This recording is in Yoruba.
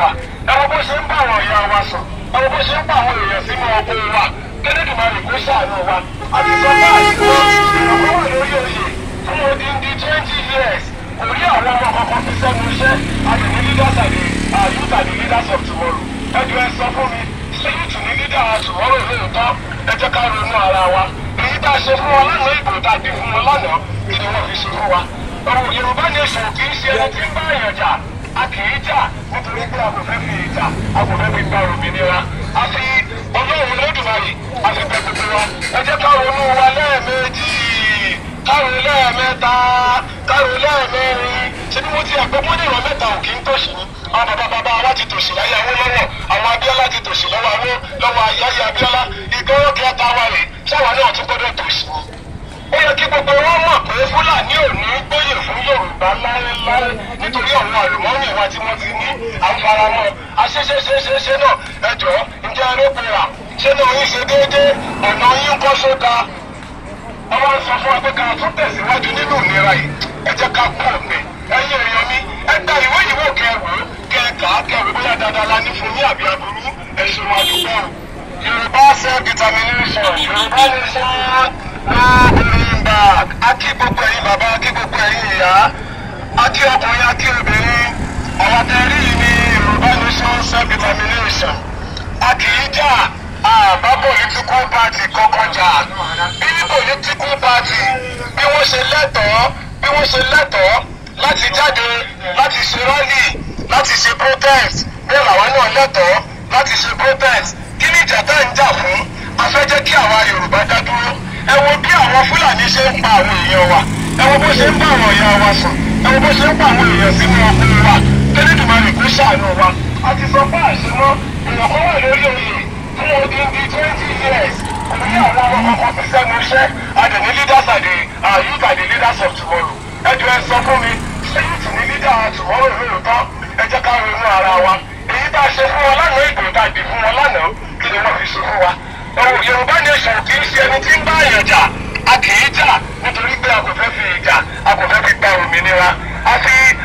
wa ẹwọ bó ṣe ń bá àwọn ìyá wa sàn ẹwọ bó ṣe ń bá àwọn èèyàn sínú ọgbọ wa kẹ́lẹ́dì máa rìn kó ṣàánú wa àti sọ́kà àìsàn ìrànlọ́wọ́ lórí òye fún odindi twenty years kò rí àwọn ọmọ kankan fi sẹ́nu iṣẹ́ àti ní leaders àti youth àti leaders of tomorrow ẹjọ ẹ sọ fún mi ṣé youth ní leaders tomorrow lóòótọ́ ẹ jẹ́ ká ronú ara wa èyí tá a ṣe fún wọn lánàá ìbò tàbí fún wọn lánàá ìdíwọ́ fi ṣe fún wa yorùbá a kò fi ìjà a kò fi gba òmìnira a ọlọ́run lódùmarè a fi bẹ wa ẹ jẹ́ ká ronú wa lẹ́ẹ̀mejì ká lẹ́ẹ̀mẹ́ta ká lẹ́ẹ̀mẹ́rin ṣé bí wọ́n ti àgbẹ̀mọ́ ní ìrọ̀ mẹ́ta ò ń tòṣì ní àwọn bàbá bàbá wa ti tòṣì láyé àwọn lọ́wọ́ àwọn Abíọ́lá ti tòṣì lọ́wọ́ àwọn lọ́wọ́ ayáyé Abíọ́lá ìgbọ́wọ́ para mọ́ aṣeṣeṣeṣeṣe náà ẹjọ́ ǹjẹ́ ẹlòpẹ̀rà ṣé náà yín ṣe déédéé ọ̀nà yín kọ́ sódà ọmọ sọ fún wa pé ká tún tẹ̀síwájú nínú ìnira yìí ẹ jẹ́ ká kú òmè ẹ̀yin èèyàn mi ẹ gba ìwé ìwò kẹwò kẹkà kẹwò bóyá dáadáa la ní fún ní àbí aburú ẹ̀sùn àdúgbò Yorùbá self determination Yorùbá nation no going back akí gbogbo ẹ̀yin bàbá akí gbogbo ẹ̀yin ìyá akí ọkùnrin akí obìnrin ọ̀wọ́tẹ́rì ń sọ di nomination a kì í jà àbá political party kankan jà bí political party bí wọ́n ṣe lẹ́tọ̀ọ́ bí wọ́n ṣe lẹ́tọ̀ọ́ láti jáde láti ṣe rally láti ṣe protest bẹ́ẹ̀ làwọn náà lẹ́tọ̀ọ́ láti ṣe protest kí ni ìjà tá à ń jà fún a fẹ́ jẹ́ kí àwa Yorùbá dá dúró ẹ wo bí àwọn Fúlàní ṣe ń pa àwọn èèyàn wa ẹ wo bó ṣe ń bá àwọn èèyàn wa sùn ẹ wo bó ṣe ń pa àwọn èèyàn sínú ọkùnrin wa elédùnmarè kó ṣàánú wa a ti sọ fún àṣemọ́ èèyàn kan wà lórí oyè fún odindi twenty years kò ní àwọn ọmọ kan fi sẹ́nu iṣẹ́ àdèní leaders àdè youth àdè leaders of tomorrow ẹjọ ẹ sọ fún mi ṣé youth ní leader tomorrow lóòótọ́ ẹ jẹ́ ká ronú ara wa èyí tá a ṣe fún wọn lánàá ìgbò tá a dì fún wọn lánàá kí ni wọ́n fi ṣe fún wa. yorùbá nation kì í ṣe ẹni tí ń bá àyànjà a kì í jà nítorí.